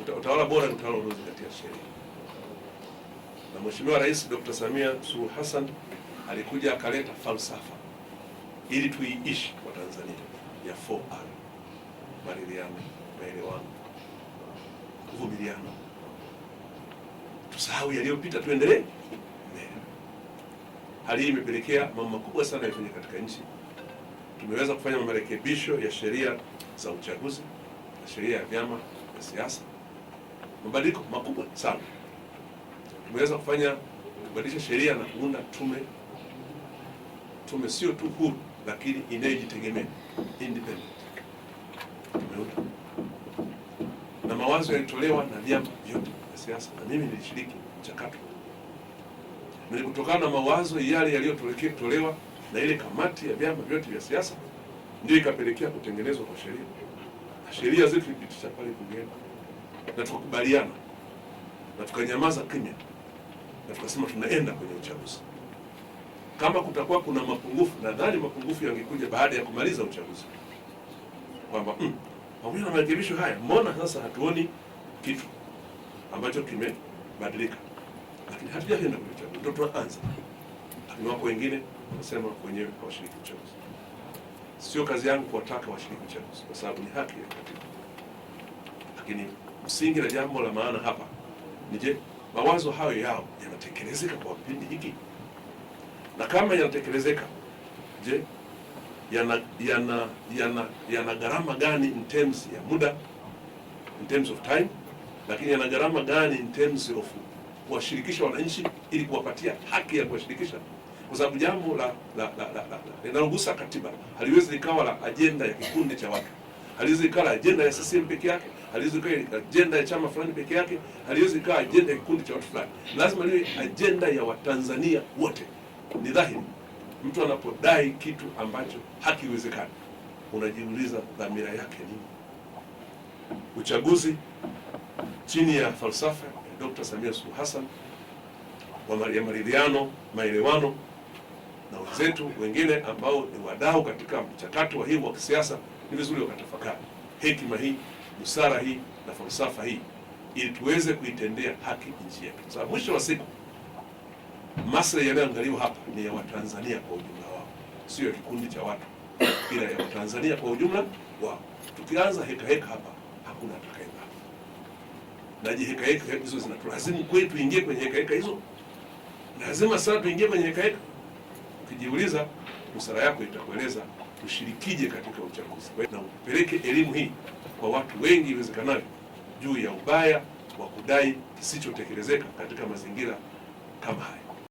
Utawala bora ni utawala unaozingatia sheria, na Mheshimiwa Rais Dr. Samia Suluhu Hassan alikuja akaleta falsafa ili tuiishi kwa Tanzania ya 4R: maridhiano, maelewano, kuvumiliano. Tusahau yaliyopita, tuendelee mbele. Hali hii imepelekea mambo makubwa sana yafanyike katika nchi. Tumeweza kufanya marekebisho ya sheria za uchaguzi na sheria ya vyama vya siasa mabadiliko makubwa sana. Tumeweza kufanya kubadilisha sheria na kuunda tume, tume sio tu huru, lakini inayojitegemea independent tumeunda, na mawazo yalitolewa na vyama vyote vya siasa, na mimi nilishiriki mchakato kutokana na mawazo yale yaliyotolewa na ile kamati ya vyama vyote vya siasa, ndio ikapelekea kutengenezwa kwa sheria na sheria zetu zilipitisha pale bungeni na tukakubaliana na tukanyamaza kimya na tukasema tunaenda kwenye uchaguzi. Kama kutakuwa kuna mapungufu, nadhani mapungufu yangekuja baada ya kumaliza uchaguzi, kwamba mm, pamoja na marekebisho haya, mbona sasa hatuoni kitu ambacho kimebadilika? Lakini hatujaenda kwenye uchaguzi, ndio tunaanza. Lakini wako wengine wanasema wenyewe hawashiriki uchaguzi. Sio kazi yangu kuwataka washiriki uchaguzi, kwa sababu ni haki ya katiba, lakini msingi na jambo la maana hapa ni je, mawazo hayo yao yanatekelezeka kwa kipindi hiki? Na kama yanatekelezeka, je, yana yana yana yana gharama gani in terms ya muda, in terms of time, lakini yana gharama gani in terms of kuwashirikisha wananchi ili kuwapatia haki ya kuwashirikisha kwa sababu jambo la linalogusa la, la, la, la, katiba haliwezi likawa la ajenda ya kikundi cha watu haliwezi ikawa ajenda ya CCM peke yake, haliwezi ikawa ajenda ya chama fulani peke yake, haliwezi ikawa ajenda ya kikundi cha watu fulani. Lazima liwe ajenda ya Watanzania wote. Ni dhahiri mtu anapodai kitu ambacho hakiwezekani, unajiuliza dhamira yake nini? Uchaguzi chini ya falsafa ya Dr. Samia Suluhu Hassan ya maridhiano, maelewano na wenzetu wengine ambao ni wadau katika mchakato wa hii wa kisiasa, ni vizuri wakatafakari hekima hii, busara hii na falsafa hii, ili tuweze kuitendea haki nchi yetu, kwa sababu mwisho wa siku maslahi yanayoangaliwa hapa ni ya Watanzania kwa ujumla wao, sio ya kikundi cha watu, ila ya Watanzania kwa ujumla wao. Tukianza heka heka hapa, hakuna atakayebaki na jiheka heka hizo zinatulazimu kwetu, tuingie kwenye heka heka hizo, lazima sana tuingie kwenye heka heka Ukijiuliza, busara yako itakueleza ushirikije katika uchaguzi, na upeleke elimu hii kwa watu wengi iwezekanavyo juu ya ubaya wa kudai kisichotekelezeka katika mazingira kama haya.